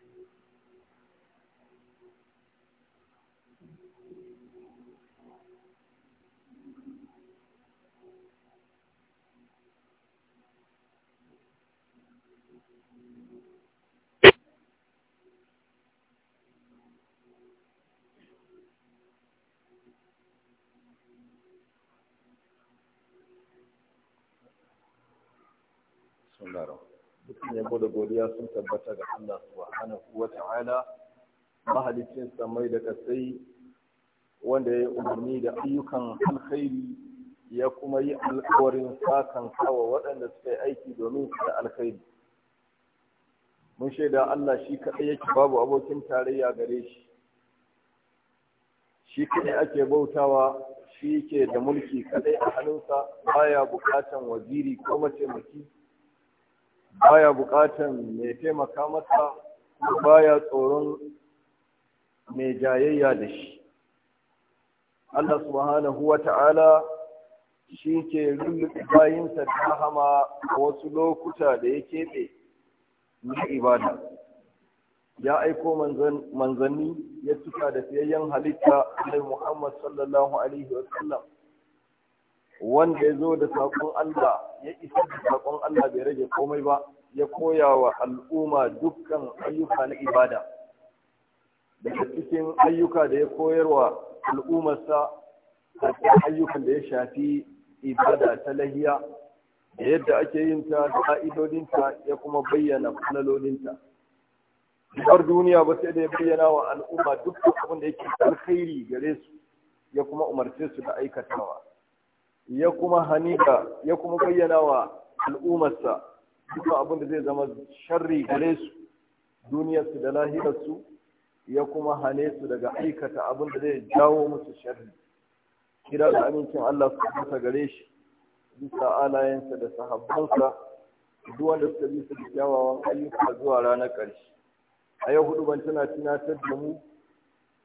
بسم الله الرحمن mutum ya da godiya sun tabbata ga Allah subhanahu wa ta'ala mahalicin samai da kasai wanda ya umarni da ayyukan alkhairi ya kuma yi alkawarin sakan kawa waɗanda suka yi aiki domin su da alkhairi mun shaida Allah shi kaɗai yake babu abokin tarayya gare shi shi kaɗai ake bautawa shi yake da mulki kaɗai a hannunsa baya bukatan waziri ko mataimaki baya bukatan mai taimaka masa baya tsoron mai jayayya da shi Allah subhanahu wa ta'ala shi ke lulluɓe bayinsa ta hama wasu lokuta da ya keɓe na ibada ya aiko manzanni ya cika da fiyayyen halitta alai Muhammad sallallahu alaihi Wasallam. wanda ya zo da saƙon Allah ya isa da saƙon Allah bai rage komai ba ya koya wa al'umma dukkan ayyuka na ibada daga cikin ayyuka da ya koyarwa al'ummarsa a ayyukan da ya shafi ibada ta lahiya da yadda ake yin ta da ka'idodinta ya kuma bayyana fanalolinta Dubar duniya ba sai da ya bayyana wa al'umma dukkan abin da yake alkhairi gare su ya kuma umarce su da aikatawa. ya kuma hanika ya kuma bayyana wa al'ummarsa duka abin da zai zama sharri gare su duniyarsu da lahirarsu ya kuma hane su daga aikata abin da zai jawo musu sharri kira da amincin Allah su kusa gare shi bisa alayensa da sahabbansa duk wanda suka bi su kyawawan ayyuka zuwa ranar ƙarshe a yau hudu ban tana tunatar da mu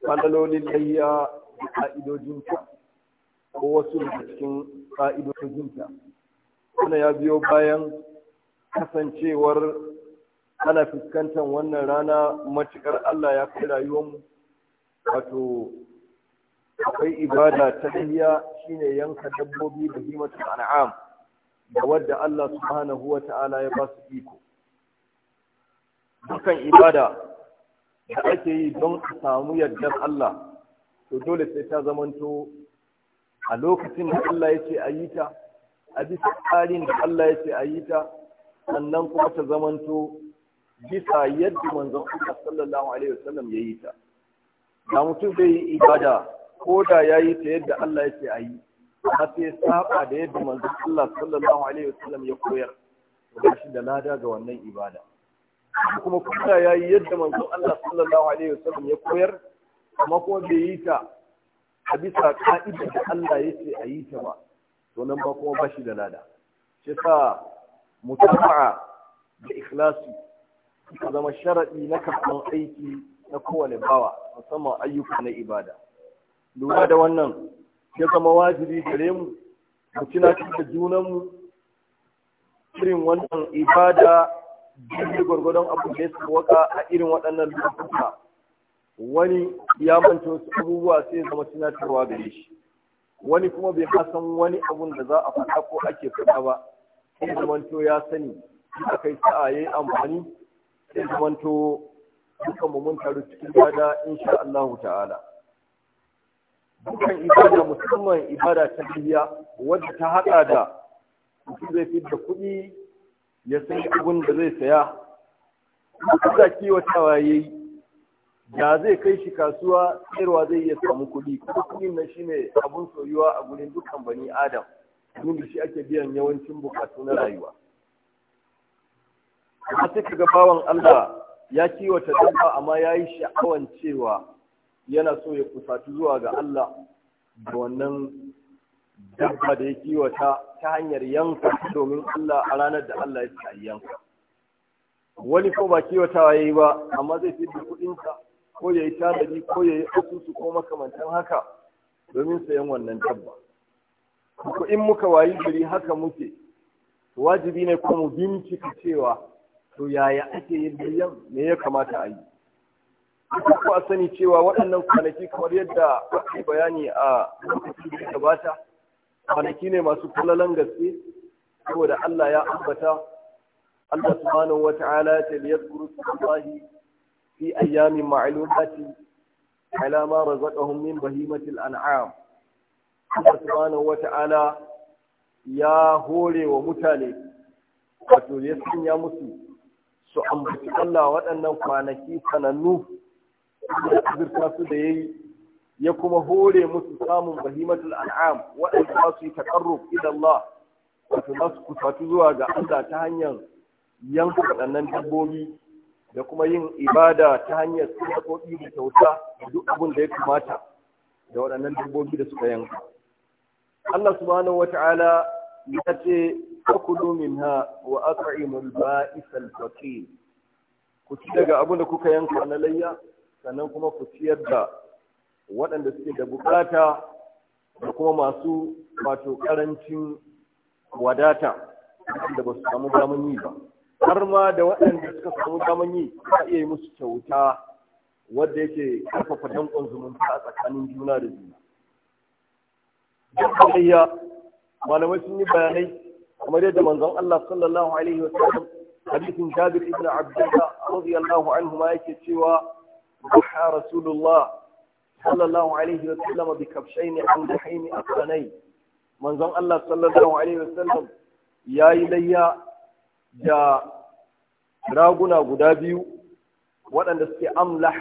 falalolin layya da ka'idojinta ko wasu daga cikin ƙa'idojinta wannan ya biyo bayan kasancewar ana fuskantar wannan rana matuƙar Allah ya fi rayuwarmu wato akwai ibada ta shi ne yanka dabbobi da himatu an'am da wadda Allah subhanahu wa ta'ala ya ba su iko dukan ibada da ake yi don a samu yardar Allah to dole sai ta zamanto a lokacin da Allah ya ce a yi ta a bisa tsarin da Allah ya ce a yi ta sannan kuma ta zamanto bisa yadda manzon Allah sallallahu alaihi wasallam ya yi ta da mutum zai yi ibada ko da ya yi ta yadda Allah ya ce a yi har sai saba da yadda manzon Allah sallallahu alaihi wasallam ya koyar da shi da lada ga wannan ibada kuma kuma ya yi yadda manzon Allah sallallahu alaihi wasallam ya koyar amma kuma bai yi ta a bisa da Allah ya ce a yi ta ba to nan ba kuma ba shi da lada shi sa mutaba'a da ikhlasi suka zama sharaɗi na kafin aiki na kowane bawa musamman ayyuka na ibada lura da wannan ya zama wajibi gare mu mu tunatar da mu, irin wannan ibada jirgin gwargwadon abu da ya waka a irin waɗannan lokuta wani ya manta wasu abubuwa sai zama tunatarwa gare shi wani kuma bai hasan wani abun da za a faɗa ko ake faɗa ba sai to ya sani aka yi sa'a ya yi amfani sai zamanto dukan mu mun taru cikin gada insha Allah ta'ala dukan ibada musamman ibada ta biya wadda ta haɗa da mutum zai fi da kuɗi ya san abun da zai saya duk da kiwatawa ya yi da zai kai shi kasuwa sayarwa zai iya samu kuɗi kuɗin shi ne abun soyuwa a gurin dukkan bani adam tun da shi ake biyan yawancin bukatu na rayuwa amma sai kaga bawan Allah ya kiwata dabba amma ya yi sha'awan cewa yana so ya kusaci zuwa ga Allah da wannan dabba da ya kiwata ta hanyar yanka domin Allah a ranar da Allah ya ci yanka wani ko ba kiwatawa ya yi ba amma zai fi da kuɗinsa ko ya yi tanadi ko ya yi asusu ko makamantan haka domin sayan wannan tabba. ko in muka wayi gari haka muke wajibi ne ko mu bincika cewa to yaya ake yin biyan me ya kamata a yi ko a sani cewa waɗannan kwanaki kamar yadda ake bayani a lokacin da gabata kwanaki ne masu kulalan gaske saboda Allah ya ambata Allah subhanahu wata'ala ya ce liyadkuru في أيام معلومات على ما رزقهم من بهيمة الأنعام Allah subhanahu wata'ala ya hore wa mutane wato ya sanya musu su ambaci Allah waɗannan kwanaki sanannu da azurta su da yayi ya kuma hore musu samun bahimatul an'am waɗanda za su yi taƙarruf ila Allah wato za su kusatu zuwa ga Allah ta hanyar yanka waɗannan dabbobi da kuma yin ibada ta hanyar sadakoki da kyauta da duk abin da ya kamata da waɗannan dabbobi da suka yanka Allah subhanahu wata'ala ya ce fakulu minha wa at'imul ba'is faqir ku ci daga abin da kuka yanka na layya sannan kuma ku ciyar da waɗanda suke da buƙata, da kuma masu wato karancin wadata da ba samu zamani ba har ma da waɗanda suka samu daman yi ka iya yi musu kyauta wadda yake karfafa danƙon zumunta a tsakanin juna da juna. Jam'iyya malamai sun yi bayanai kamar yadda manzon Allah sallallahu alaihi wa sallam hadisin Jabir ibn Abdullah radiyallahu anhu ma yake cewa Baha Rasulullah sallallahu alaihi wa sallam bi kafshaini an dahaini aqranai manzon Allah sallallahu alaihi wa sallam yayi layya da raguna guda biyu waɗanda suke amlah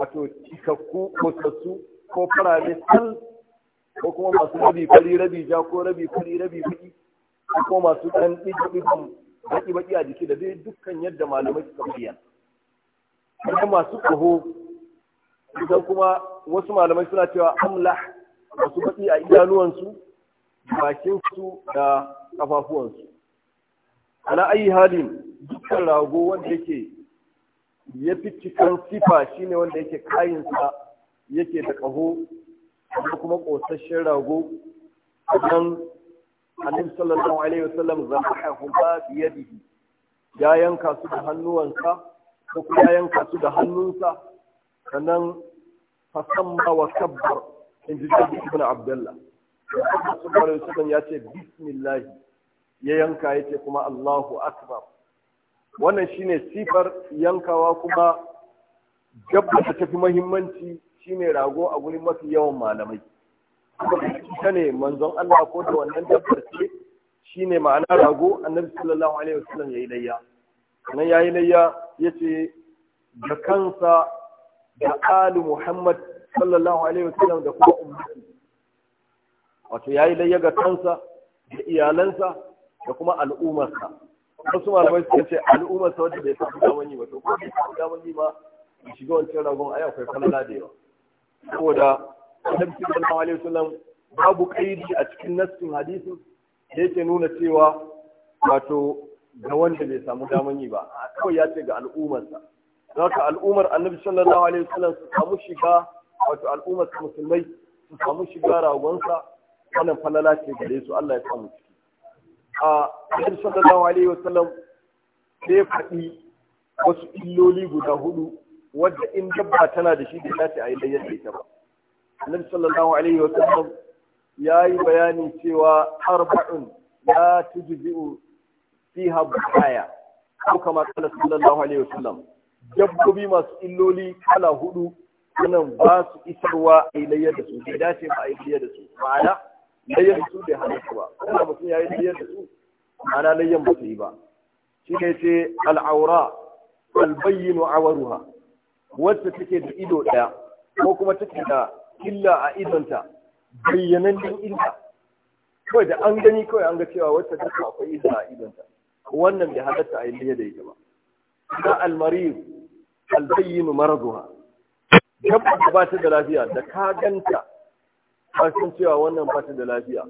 wato cikakku ko sassu ko farare sal ko kuma masu rabi fari rabi ja ko rabi fari rabi baki ko kuma masu ɗan ɗiɗɗiɗin baki baki a jiki da dai dukkan yadda malamai suka bayyana kuma masu ƙaho idan kuma wasu malamai suna cewa amlah masu baki a idanuwansu bakinsu da ƙafafuwansu ala ayi halin dukkan rago wanda yake ya fi cikin sifa shine wanda yake kayinsa yake da ƙaho da kuma ƙosasshen rago a nan annabi sallallahu alaihi wasallam zamahu ba biyu. ya yanka su da hannuwansa ko kuma ya yanka su da hannunsa sannan fasamma wa kabbar in ji ibn abdullah sallallahu ya ce "Bismillahi." ya yanka yake kuma Allahu akbar wannan shine sifar yankawa kuma gabba ta tafi muhimmanci shine rago a wurin mafi yawan malamai ita ne manzon Allah ko da wannan dabbar ce shine ma'ana rago annabi sallallahu alaihi wasallam yayi layya nan yayi layya yace da kansa da ali Muhammad sallallahu alaihi wasallam da kuma ummati wato yayi layya ga kansa da iyalansa da kuma al'ummarsa wasu malamai suka ce al'ummarsa wadda bai samu daman yi ba to ko bai samu daman yi ba ya shiga wancan ragon ai akwai falala da yawa saboda annabi sallallahu alaihi wasallam babu kaidi a cikin nassin hadisin da yake nuna cewa wato ga wanda bai samu daman yi ba kawai ya ce ga al'ummarsa zaka al'ummar annabi sallallahu alaihi wasallam su samu shiga wato al'ummar musulmai su samu shiga ragonsa wannan falala ce gare su Allah ya samu a ɗan sallallahu alaihi wasallam sai ya faɗi wasu illoli guda hudu wadda in dabba tana da shi da ce a yi layyar da ita ba annabi sallallahu alaihi wasallam ya yi bayani cewa arba'un la tujzi'u fiha bukaya ko kama kala sallallahu alaihi wasallam dabbobi masu illoli kala hudu wannan ba su isarwa a yi layyar da su bai dace ba a yi layyar da su ma'ana layyan su bai halatta ba kuma mutum ya yi layyan da su ana layyan ba su yi ba shi ne ce al'aura albayyinu awaruha wacce take da ido ɗaya ko kuma take da illa a idonta bayyanannen illa kawai da an gani kawai an ga cewa wacce take akwai illa a idonta wannan bai halatta a yi layya da ita ba na almarir albayyinu marazuha dabba ba ta da lafiya da ka ganta ba cewa wannan fata da lafiya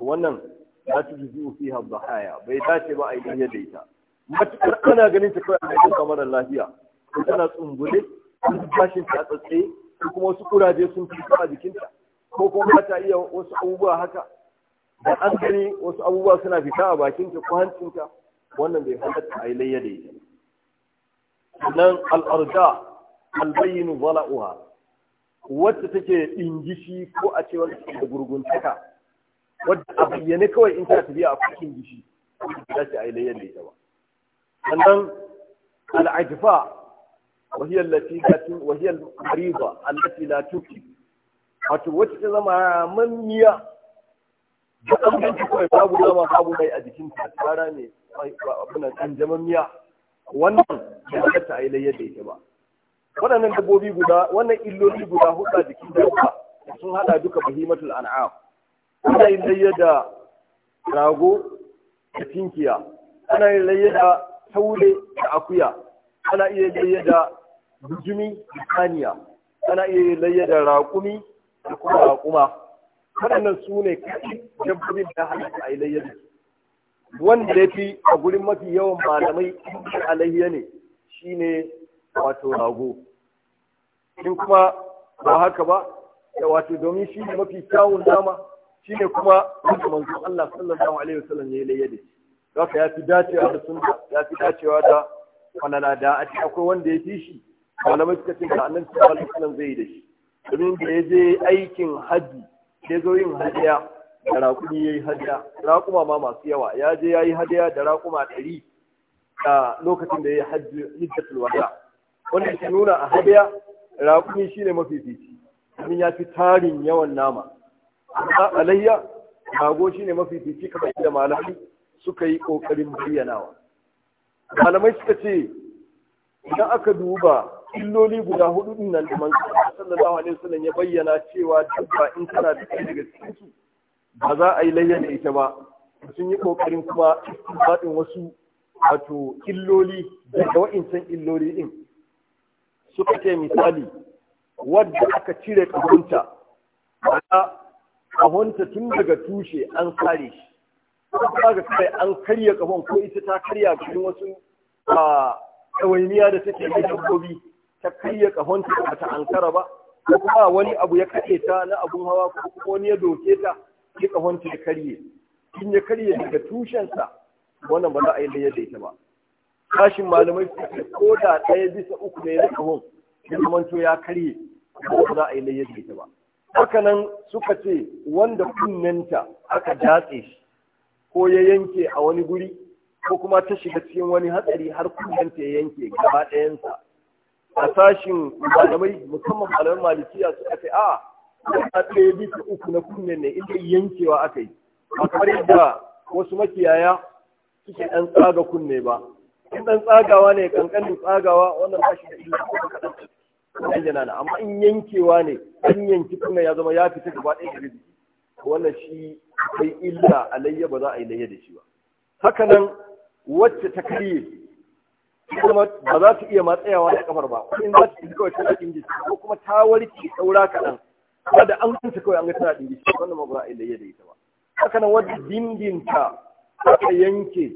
wannan za ta ji zuwa fi haya bai dace ba a yi da ita matukar ana ganin ta kawai a cikin kamar lafiya ko tana tsumbule ko bashin ta tsatse ko kuma wasu kuraje sun fi a jikinta ko kuma ba ta iya wasu abubuwa haka da an gani wasu abubuwa suna fita a bakinta ko hancinta wannan bai halatta a yi layya da ita sannan al'arja albayinu zala'uha wacce take ingishi ko a ce wani da gurguntaka wadda a bayyane kawai in ta tafiya a kukin gishi da shi a yi da ita ba sannan al'ajifa wahiyar latilatin wahiyar mariba allati la tuki wato wacce ta zama mamiya da an ganci kawai babu dama babu mai a jikin ta tsara ne abin nan kan miya wannan da ta ta yi da ita ba waɗannan dabbobi guda wannan illoli guda hudu a jikin dabba sun hada duka bahimatul an'am ana yin layya da rago da tinkiya ana yin layya da taure da akuya ana iya layya da bujumi da saniya ana iya yin layya da raƙumi da kuma raƙuma waɗannan su ne kaɗai dabbobin da halatta a yi layya da wanda ya a gurin mafi yawan malamai a layya ne shine wato rago in kuma ba haka ba da wato domin shi ne mafi kyawun nama shi ne kuma wanda manzon Allah sallallahu alaihi wasallam ne laye da shi haka ya fi dacewa da sunna ya fi dacewa da falala da a akwai wanda ya fi shi malamai suka ce da annabi sallallahu alaihi wasallam zai yi da shi domin da ya je aikin haji ya zo yin hadiya da raƙumi ya yi hadiya raƙuma ma masu yawa ya je ya yi hadiya da raƙuma ɗari a lokacin da ya yi hajji hijjatul wada wanda ke nuna a hadiya raƙumi shine mafifici domin ya fi tarin yawan nama amma alayya rago shi shine mafifici kamar da malamai suka yi ƙoƙarin bayyanawa malamai suka ce idan aka duba illoli guda hudu din nan da manzo sallallahu alaihi wasallam ya bayyana cewa dabba in tana da kai daga cikin ba za a yi layya da ita ba sun yi kokarin kuma istinbatin wasu wato illoli daga wa'incan illoli din suka ce misali wadda aka cire ƙahunta ana ƙahunta tun daga tushe an kare shi ga kai an karya ƙahon ko ita ta karya cikin wasu ɗawainiya da take yi dabbobi ta karya ƙahonta ba ta ankara ba ko kuma wani abu ya kaɗe ta na abun hawa ko kuma wani ya doke ta ya ƙahunta ya karye in ya karye daga tushensa wannan ba za a yi da ita ba kashin malamai suke ko da ɗaya bisa uku ne na kahon ya zamanto ya karye ba za a yi layyar da ita ba haka suka ce wanda kunnenta aka datse shi ko ya yanke a wani guri ko kuma ta shiga cikin wani hatsari har kunnenta ya yanke gaba ɗayansa a sashin malamai musamman maliki malikiya suka ce a a ɗaya bisa uku na kunnen ne inda yankewa aka yi a kamar yadda wasu makiyaya suke ɗan tsaga kunne ba in dan tsagawa ne kankan tsagawa wannan bashi da illa ko kadan wannan na amma in yankewa ne an yanki kuma ya zama ya fita gaba ɗaya daga jiki wannan shi kai illa alayya ba za a yi layya da shi ba haka nan wacce ta karye kuma ba za ta iya matsayawa da kafar ba in za ta yi kawai tana ɗingi ko kuma ta warke saura kaɗan ba da an ganta kawai an ga tana ɗingi wannan ma ba za a yi layya da ita ba haka nan wadda dindinta aka yanke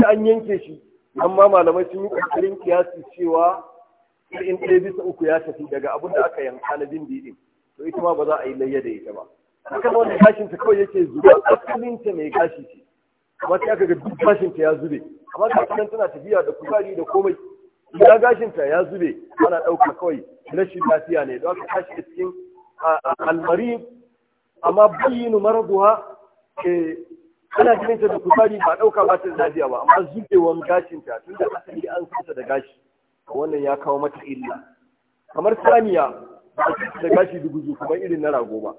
ta an yanke shi amma malamai sun yi ƙoƙarin kiyasi cewa in ɗaya bisa uku ya tafi daga abin da aka yanka na bin didin to ita ma ba za a yi layya da ita ba haka ma wanda gashinta kawai yake zuba ta mai gashi ce amma sai aka ga duk gashinta ya zube amma ta kuma tana tafiya da kuzari da komai ya gashinta ya zube ana ɗauka kawai rashin lafiya ne don aka tashi cikin almari amma bayyinu maraduha eh, ana ganin ta da kubari ba ɗauka ba ta lafiya ba amma zubewan gashin ta tunda asali an kusa da gashi wannan ya kawo mata illa kamar saniya ba ta da gashi duguzu kamar irin na rago ba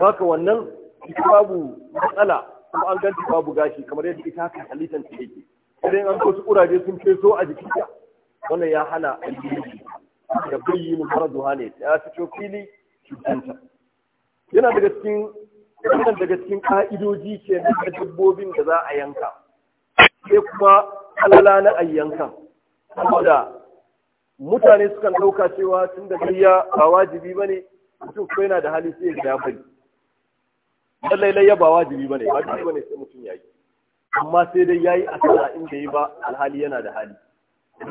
haka wannan ita babu matsala kuma an ganta babu gashi kamar yadda ita haka halittar ta yake idan an wasu kuraje sun feso a ta wannan ya hana alheri da bayyana faraduha ne ya fito fili cutanta yana daga cikin wannan daga cikin ka'idoji ke na dabbobin da za a yanka sai kuma alala na ayyanka saboda mutane sukan ɗauka cewa tun da gariya ba wajibi ba ne mutum ko yana da hali sai ya gida bari lallai ya ba wajibi ba ne wajibi ba ne sai mutum ya yi amma sai dai ya yi a sana inda ya ba alhali yana da hali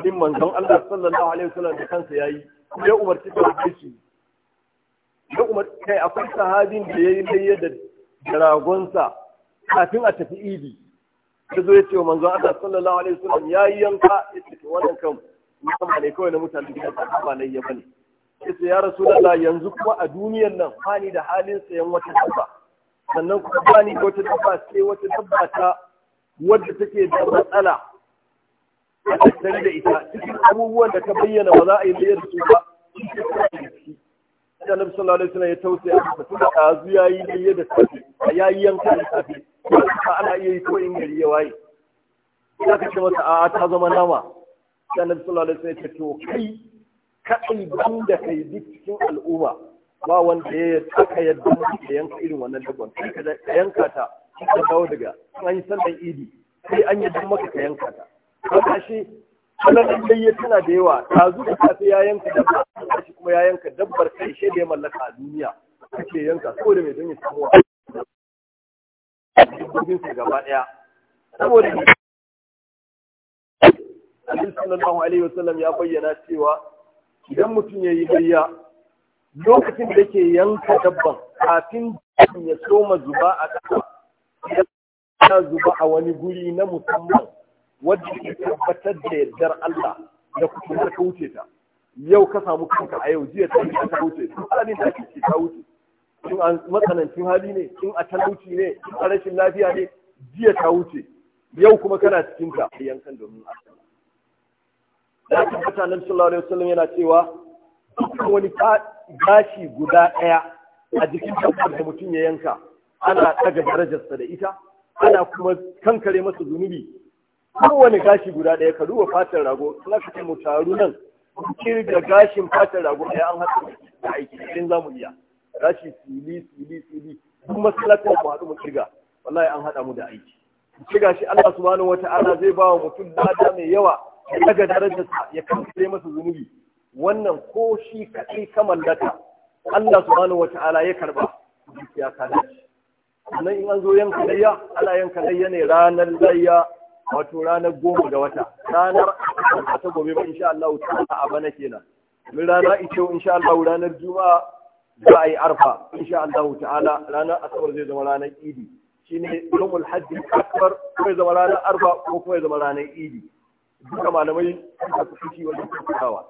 din manzon Allah sallallahu alaihi wasallam da kansa ya yi ya umarci da shi ya umar kai akwai sahabin da ya yi layya da dragonsa kafin a tafi idi ya zo ya ce wa manzon Allah sallallahu alaihi wasallam ya yi yanka ya ce to wannan kan musamman ne kawai na mutane da ta ba ya bane ya ce ya rasulullah yanzu kuma a duniyar nan fani da halin sayan wata dabba sannan kuma bani da wata dabba sai wata dabba ta wadda take da matsala a tattare da ita Duk abubuwan da ka bayyana ba za a yi da su ba da Annabi sallallahu alaihi wasallam ya yayi da yadda yayi yanka da safi ba ana iya yi ko in gari ya waye ya kace masa a ta zama nama da Annabi sallallahu alaihi wasallam ya ce to kai kadai banda kai duk cikin al'umma ba wanda ya saka yadda da yanka irin wannan dabban kai ka yanka ta ka dawo daga an yi sallan idi sai an yi maka ka yanka ta kaga shi sanannin dai ya tana da yawa tazu da safe ya yanka dabba shi kuma ya yanka dabbar kai shi da ya mallaka a duniya ake yanka ko da mai don ya samu dabbobin su gaba daya saboda Annabi sallallahu alaihi wasallam ya bayyana cewa idan mutum ya yi bayya lokacin da ke yanka dabban kafin ya soma zuba a kasa ya zuba a wani guri na musamman wadda ke tabbatar da yardar Allah da kuma ka wuce ta yau ka samu kanka a yau jiya ta ka wuce ne da ce ta wuce in a matsanancin hali ne kin a talauci ne in a rashin lafiya ne jiya ta wuce yau kuma kana cikin ta yankan domin Allah da tabbata nan sallallahu alaihi wasallam yana cewa wani gashi guda ɗaya a jikin dabbar da mutum ya yanka ana ɗaga darajarsa da ita ana kuma kankare masa zunubi kowane gashi guda ɗaya ka duba fatar rago suna ka mu taru nan da gashin fatar rago ɗaya an haɗu da aiki idan zamu iya gashi sili sili fili duk masalatan mu haɗu mu kirga wallahi an haɗa mu da aiki ki shi Allah subhanahu wata'ala zai ba wa mutum lada mai yawa ya daga sa ya kankare masa zunubi wannan ko shi kaɗai ka mallaka Allah subhanahu wata'ala ya karba dukiya ka dace sannan in an zo yanka layya ana yanka layya ne ranar layya wato ranar goma ga wata ranar a ta gobe ba insha Allah ta a bana kenan min rana ito insha Allah ranar juma'a za a yi arfa insha Allah ta'ala ranar asabar zai zama ranar idi shine yawmul hajj akbar ko ya zama ranar arfa ko kuma zama ranar idi duka malamai suka fi shi wajen kawa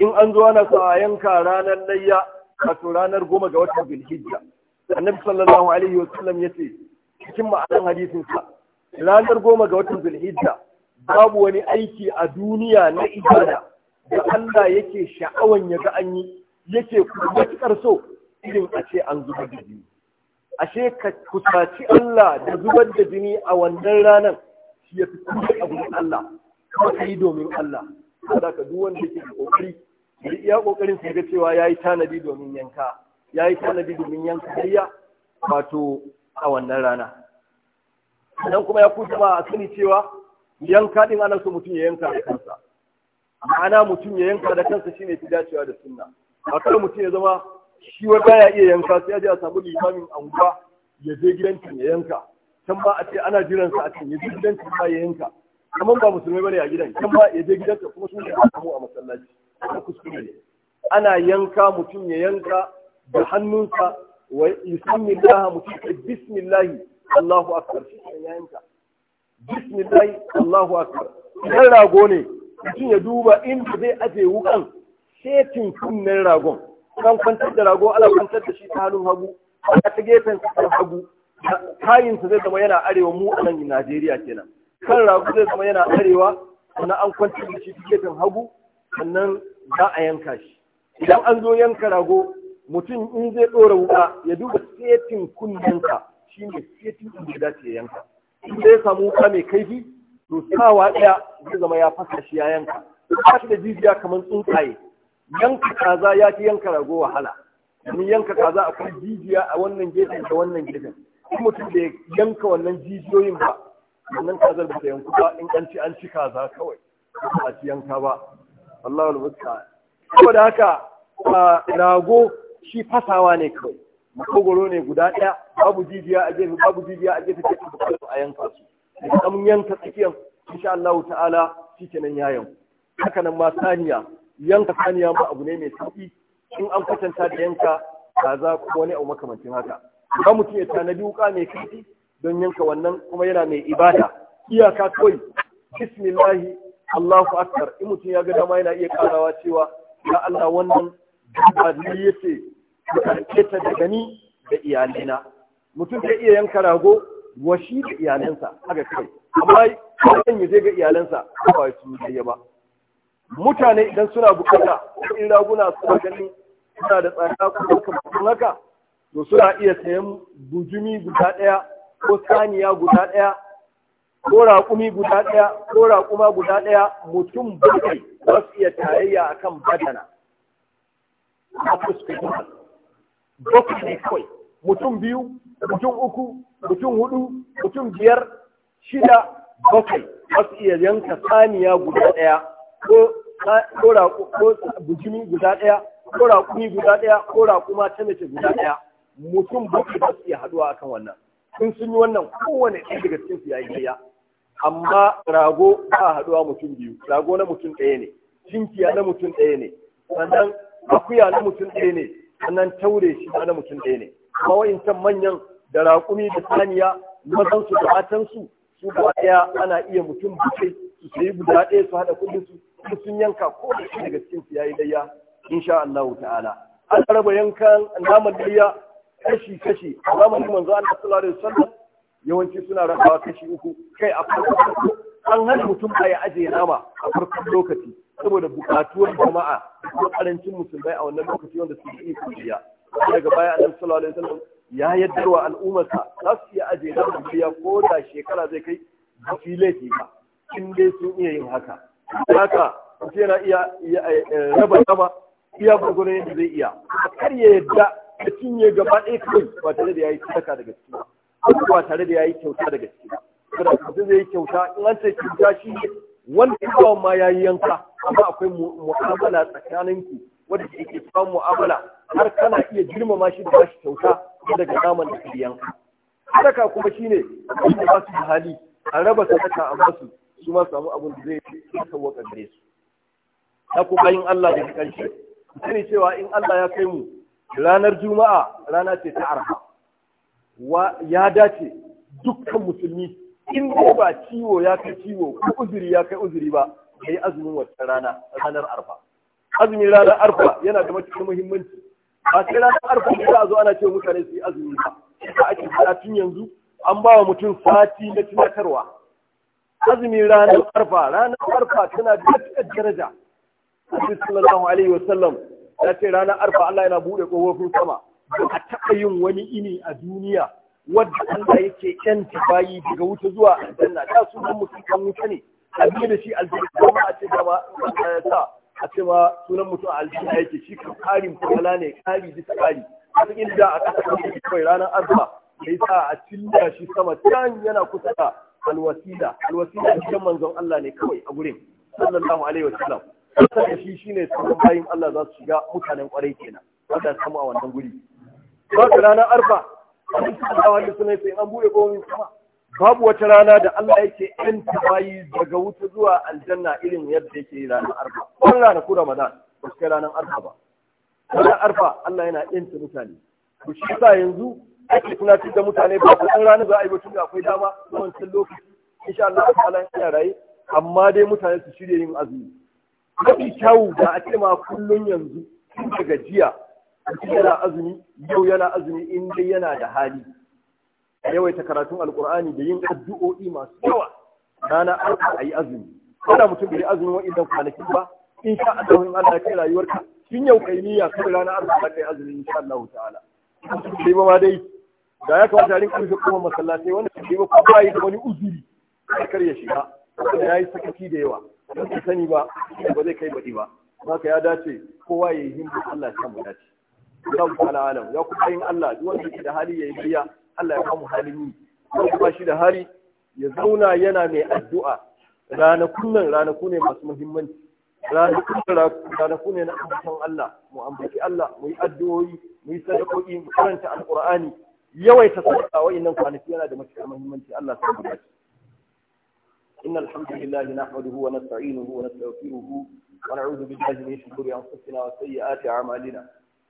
in an zo ana sa yanka ranar layya wato ranar goma ga watan bilhijja annabi sallallahu alaihi wa sallam yace cikin ma'anar hadisin sa ranar goma ga watan zulhijja babu wani aiki a duniya na ibada da Allah yake sha'awan ya ga an yi yake matuƙar so irin a ce an zuba jini ashe ka kusaci Allah da zubar da jini a wannan ranar shi ya fi kuma da Allah kuma ka yi domin Allah Kada ka duk wanda yake kokari ya iya kokarin sai ga cewa yayi tanadi domin yanka yayi tanadi domin yanka riya wato a wannan rana nan kuma ya kusa ba a sani cewa yanka din ana so mutum ya yanka da kansa ma'ana mutum ya yanka da kansa shine fi dacewa da sunna A kar mutum ya zama shi wa baya iya yanka sai ya je a samu limamin anguwa ya je gidancin ya yanka can ba a ce ana jiran sa a can ya je gidancin ba ya yanka amma ba musulmai bane a gidan can ba ya je gidansa kuma sun da samu a masallaci kuma kuskure ne ana yanka mutum ya yanka da hannunsa wa yusammi Allah mutum ya bismillah Allahu akbar yanka bismillah Allahu akbar idan rago ne mutum ya duba inda zai aje wukan setin kunnen ragon kan kwantar da rago ala kwantar da shi ta hannun hagu a ta gefen ta hagu kayinsa zai zama yana arewa mu a nan Najeriya kenan kan rago zai zama yana arewa sannan an kwantar da shi ta gefen hagu sannan za a yanka shi idan an zo yanka rago mutum in zai ɗora wuka ya duba setin ka. shi ne fetin da ya dace ya yanka in dai ya samu wuka mai kaifi to sawa ɗaya zai zama ya fasa shi ya yanka ba shi da jijiya kamar tsuntsaye yanka kaza ya fi yanka rago wahala domin yanka kaza akwai jijiya a wannan gefen da wannan gefen kuma mutum da yanka wannan jijiyoyin ba wannan kazar ba ta yanku ba in an ci an ci kaza kawai ba a ci yanka ba wallahi al-musta'an saboda haka rago shi fasawa ne kawai makogoro ne guda ɗaya babu jijiya a gefe babu jijiya a gefe sai a a yanka su da mun yanka tsakiyar, insha Allah ta'ala ya yayan haka nan ma saniya yanka saniya ma abu ne mai sauki in an kwatanta da yanka kaza ko wani abu makamancin haka ba mutum ya tanadi wuka mai kafi don yanka wannan kuma yana mai ibada iyaka kawai bismillahi Allahu akbar in mutum ya ga dama yana iya karawa cewa ya Allah wannan ba ni yace ku ta daga ni da iyalina mutum zai iya yanka rago wa shi da iyalansa haka kai amma kan ya je ga iyalansa ba su yi ba mutane idan suna bukata in raguna suna ganin suna da tsada ko kuma haka to suna iya sayan bujumi guda ɗaya ko saniya guda ɗaya ko raƙumi guda ɗaya ko raƙuma guda ɗaya mutum bakwai za su iya tarayya akan badana a bakwai ne kawai mutum biyu mutum uku mutum hudu mutum biyar shida bakwai ba iya yanka saniya guda ɗaya ko bujimi guda ɗaya ko raƙumi guda ɗaya ko raƙuma ta mace guda ɗaya mutum bakwai ba su iya haɗuwa akan wannan sun sun yi wannan kowane ɗaya daga cikin su yayi daya amma rago ba haɗuwa mutum biyu rago na mutum ɗaya ne cinkiya na mutum ɗaya ne sannan akuya na mutum ɗaya ne sannan taure shi na mutum ɗaya ne kuma wa'incan manyan da raƙumi da saniya su da matansu su ba ɗaya ana iya mutum buce su sayi guda ɗaya su haɗa kuɗin su sun yanka ko da shi daga cikin su yayi in insha Allah ta'ala an raba yankan naman layya kashi kashi a zamanin manzo Allah sallallahu alaihi wasallam yawanci suna rabawa kashi uku kai a farko an hana mutum a ya ajiye nama a farkon lokaci saboda bukatuwar jama'a ko karancin musulmai a wannan lokaci wanda su yi kuriya daga baya annabi sallallahu alaihi wasallam ya yaddarwa al'ummarsa za su iya aje da kuriya ko da shekara zai kai ba fi ba in dai sun iya yin haka haka mutum yana iya eh, eh, raba dama iya gurgurin yadda zai iya kar ya yadda ya cinye gaba ɗaya kai ba tare da ya yi sadaka daga ciki ba ba tare da ya yi kyauta daga ciki ba kada zai yi kyauta in an ce kyauta shi wanda bawan ma yi yanka amma akwai mu'amala tsakaninku wanda ke samun mu'amala har kana iya girmama shi da bashi kyauta daga naman da kake yanka Saka kuma shine wanda ba su da hali a raba sadaka a basu su ma samu abin da zai sauwaka gare su Na kuma yin Allah da ƙarshe sani cewa in Allah ya kai mu ranar juma'a rana ce ta arha ya dace dukkan musulmi in ko ba ciwo ya kai ciwo ko uzuri ya kai uzuri ba ka yi azumin wata rana ranar arfa azumin ranar arfa yana da matuƙar muhimmanci ba sai ranar arfa ne za a zo ana cewa mutane su yi azumi ba ba ake fara tun yanzu an ba wa mutum sati na tunatarwa azumin ranar arfa ranar arfa tana da matuƙar daraja Annabi sallallahu alaihi Sallam ya ce ranar arfa Allah yana buɗe ƙofofin sama ba a taɓa yin wani ini a duniya wadda Allah yake kyanta bayi daga wuta zuwa aljanna da sunan mutum kan wuta ne a biyu da shi aljanna kuma a ce dama sa a ce ma sunan mutum aljanna yake shi kan karin ne kari bisa kari har inda a kasa kan kawai ranar arba ya sa a cilla shi sama can yana kusa da alwasila alwasila cikin manzon Allah ne kawai a gurin sallallahu alaihi wa sallam kusa da shi shine sunan bayin Allah za su shiga mutanen kwarai kenan wanda samu a wannan guri. Ba ranar arfa. abin kasawa da suna an buɗe komin sama babu wata rana da Allah yake yan tabayi daga wuta zuwa aljanna irin yadda yake ranar arfa wannan ranaku ramadan ba su kai ranar arfa ba ranar arfa Allah yana ta mutane ku shi sa yanzu ake tunatar da mutane ba ku san rana za a yi da akwai dama zuwan can lokaci insha Allah ta'ala yana raye amma dai mutane su shirya yin azumi mafi kyawu da a ce ma kullum yanzu tun daga jiya yana azumi yau yana azumi in dai yana da hali a yawaita karatun alkur'ani da yin addu'o'i masu yawa rana arka a yi azumi kada mutum bai azumin idan kwanaki ba in sha Allah in Allah kai rayuwarka Sun yau kai niyya kai rana arfa kai azumi in Allah ta'ala sai ma dai da ya kamata a kuma kuma masallatai wanda sai ba ko bai da wani uzuri kar ya shiga ya yi sakaci da yawa ba sani ba ba zai kai baɗi ba haka ya dace kowa ya yi himma Allah ya samu dace Allah ta'ala alam ya kuma yin Allah duk wanda yake da hali ya yi biya Allah ya kamu halin yi wanda ba shi da hali ya zauna yana mai addu'a ranakun nan ranaku ne masu muhimmanci ranakun ranaku ne na Allah mu ambaci Allah mu yi addu'o'i mu yi sadakoki mu karanta alqur'ani yawaita sadaka wa'annan kwanaki yana da matuƙar muhimmanci Allah ya samu إن الحمد لله نحمده ونستعينه ونستغفره ونعوذ بالله من شرور أنفسنا وسيئات أعمالنا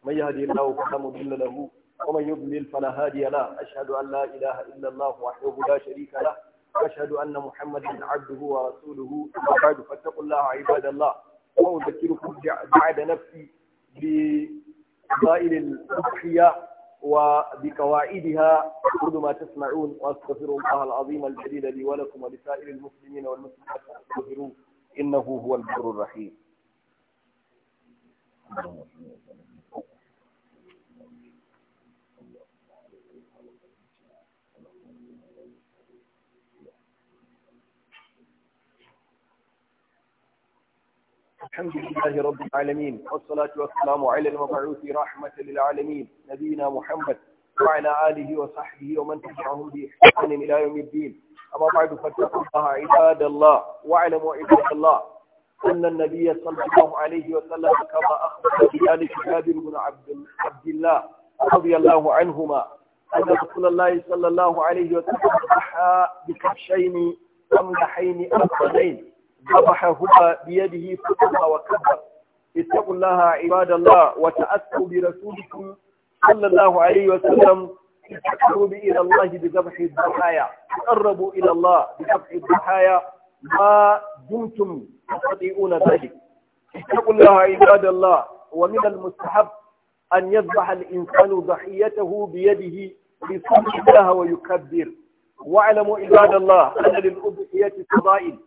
من يهدي الله فلا مضل له ومن يضلل فلا هادي له أشهد أن لا إله إلا الله وحده لا شريك له وأشهد أن محمدا عبده ورسوله وبعد فاتقوا الله عباد الله وأذكركم بعد نفسي بفضائل الأضحية وبقواعدها كل ما تسمعون وأستغفر الله العظيم الجليل لي ولكم ولسائر المسلمين والمسلمات فاستغفروه إنه هو البر الرحيم. الحمد لله رب العالمين والصلاة والسلام على المبعوث رحمة للعالمين نبينا محمد وعلى آله وصحبه ومن تبعهم بإحسان إلى يوم الدين أما بعد فاتقوا الله عباد الله واعلموا عباد الله أن النبي صلى الله عليه وسلم كما أخبر بذلك جابر بن عبد الله رضي الله عنهما أن رسول الله صلى الله عليه وسلم ضحى بكبشين أملحين أبردين ذبحهما بيده فكبر وكبر اتقوا الله عباد الله وتأثوا برسولكم صلى الله عليه وسلم تقربوا إلى الله بذبح الضحايا تقربوا إلى الله بذبح الضحايا ما دمتم تستطيعون ذلك اتقوا الله عباد الله ومن المستحب أن يذبح الإنسان ضحيته بيده لصنع الله ويكبر واعلموا عباد الله أن للأضحية فضائل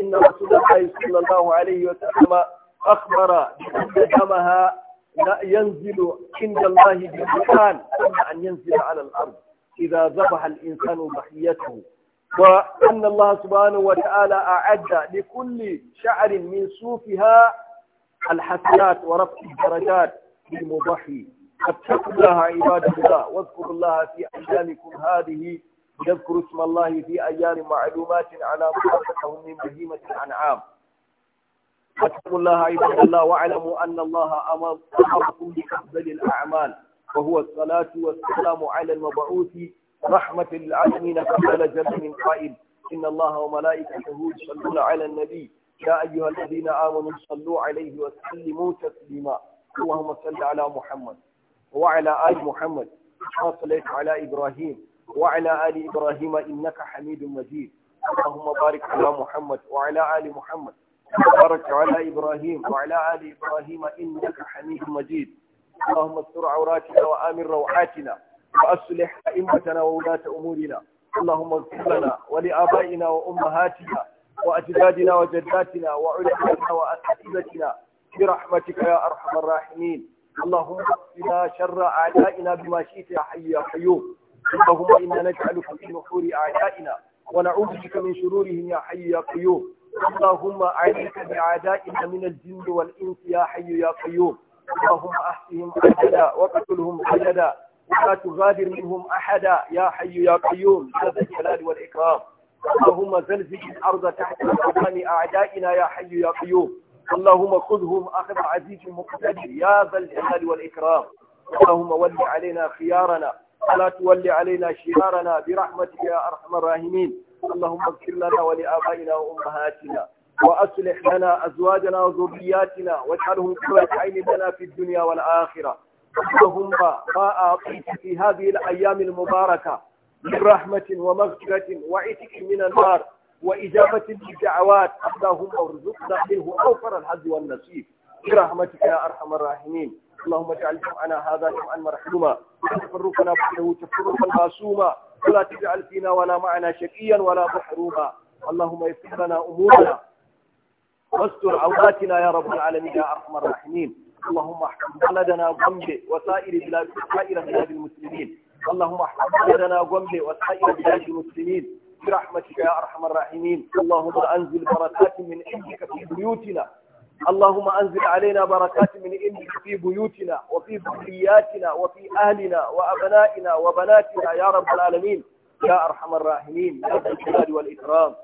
إن رسول الله صلى الله عليه وسلم أخبر بأن دمها لا ينزل عند الله بالمكان قبل أن ينزل على الأرض إذا ذبح الإنسان ضحيته وأن الله سبحانه وتعالى أعد لكل شعر من صوفها الحسنات ورفع الدرجات للمضحي فاتقوا الله عباد الله واذكروا الله في أيامكم هذه يذكر اسم الله في أيام معلومات على مخلصهم من بهيمة الأنعام واتقوا الله عباد الله واعلموا أن الله أمركم بأفضل الأعمال وهو الصلاة والسلام على المبعوث رحمة للعالمين فقال جل من قائل إن الله وملائكته يصلون على النبي يا أيها الذين آمنوا صلوا عليه وسلموا تسليما اللهم صل على محمد وعلى آل محمد كما صليت على إبراهيم وعلى آل إبراهيم إنك حميد مجيد اللهم بارك على محمد وعلى آل محمد بارك على إبراهيم وعلى آل إبراهيم إنك حميد مجيد اللهم استر عوراتنا وآمن روعاتنا وأصلح أئمتنا وولاة أمورنا اللهم اغفر لنا ولآبائنا وأمهاتنا وأجدادنا وجداتنا وعلمائنا وأساتذتنا برحمتك يا أرحم الراحمين اللهم اغفر شر أعدائنا بما شئت يا حي يا قيوم اللهم إنا نجعلك في نحور أعدائنا ونعوذ بك من شرورهم يا حي يا قيوم اللهم عليك بأعدائنا من الجن والإنس يا حي يا قيوم اللهم أحسهم عددا وقتلهم عددا ولا تغادر منهم أحدا يا حي يا قيوم هذا الجلال والإكرام اللهم زلزل الأرض تحت أقدام أعدائنا يا حي يا قيوم اللهم خذهم أخذ عزيز مقتدر يا ذا الجلال والإكرام اللهم ول علينا خيارنا ولا تول علينا شرارنا برحمتك يا أرحم الراحمين اللهم اغفر لنا ولآبائنا وأمهاتنا وأصلح لنا أزواجنا وذرياتنا واجعلهم قرة عين لنا في الدنيا والآخرة اللهم ما أعطيت في هذه الأيام المباركة من رحمة ومغفرة وعتق من النار وإجابة للدعوات اللهم ارزقنا منه أوفر الحظ والنصيب برحمتك يا أرحم الراحمين اللهم اجعل جمعنا هذا جمعا مرحوما وتفرقنا بعده تفرقا معصوما ولا تجعل فينا ولا معنا شقيا ولا محروما اللهم يسر لنا امورنا واستر عوراتنا يا رب العالمين يا ارحم الراحمين اللهم احكم بلدنا غمبه وسائر بلاد سائر بلاد المسلمين اللهم احكم بلدنا غمبه وسائر بلاد المسلمين برحمتك يا ارحم الراحمين اللهم انزل بركات من عندك في بيوتنا اللهم أنزل علينا بركات من عندك في بيوتنا وفي ذرياتنا وفي أهلنا وأبنائنا وبناتنا يا رب العالمين يا أرحم الراحمين يا ذا الجلال والإكرام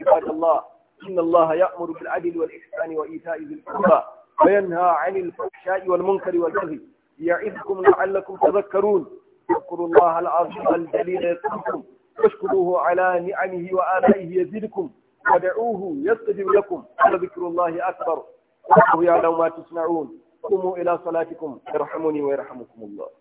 عباد الله إن الله يأمر بالعدل والإحسان وإيتاء ذي القربى وينهى عن الفحشاء والمنكر والبغي يعظكم لعلكم تذكرون اذكروا الله العظيم الجليل يذكركم واشكروه على نعمه وآلائه يزدكم ودعوه يستجب لكم ولذكر الله أكبر أو يعلم ما تصنعون قوموا إلى صلاتكم يرحمني ويرحمكم الله